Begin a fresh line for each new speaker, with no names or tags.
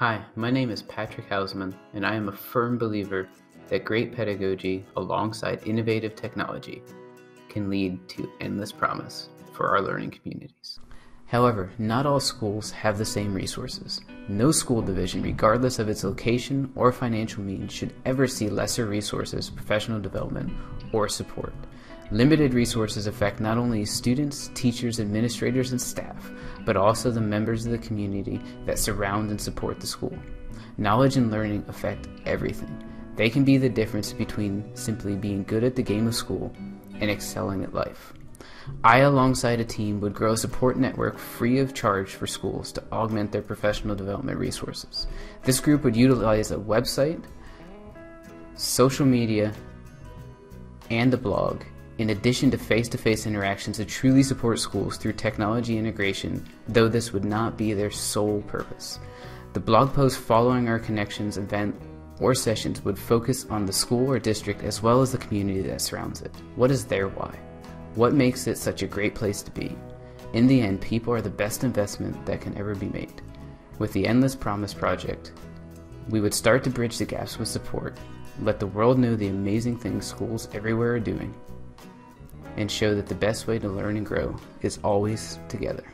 Hi, my name is Patrick Hausman, and I am a firm believer that great pedagogy alongside innovative technology can lead to endless promise for our learning communities. However, not all schools have the same resources. No school division, regardless of its location or financial means, should ever see lesser resources, professional development, or support. Limited resources affect not only students, teachers, administrators, and staff, but also the members of the community that surround and support the school. Knowledge and learning affect everything. They can be the difference between simply being good at the game of school and excelling at life. I, alongside a team, would grow a support network free of charge for schools to augment their professional development resources. This group would utilize a website, social media, and a blog in addition to face-to-face -face interactions to truly support schools through technology integration, though this would not be their sole purpose. The blog post following our connections event or sessions would focus on the school or district as well as the community that surrounds it. What is their why? What makes it such a great place to be? In the end, people are the best investment that can ever be made. With the Endless Promise Project, we would start to bridge the gaps with support, let the world know the amazing things schools everywhere are doing, and show that the best way to learn and grow is always together.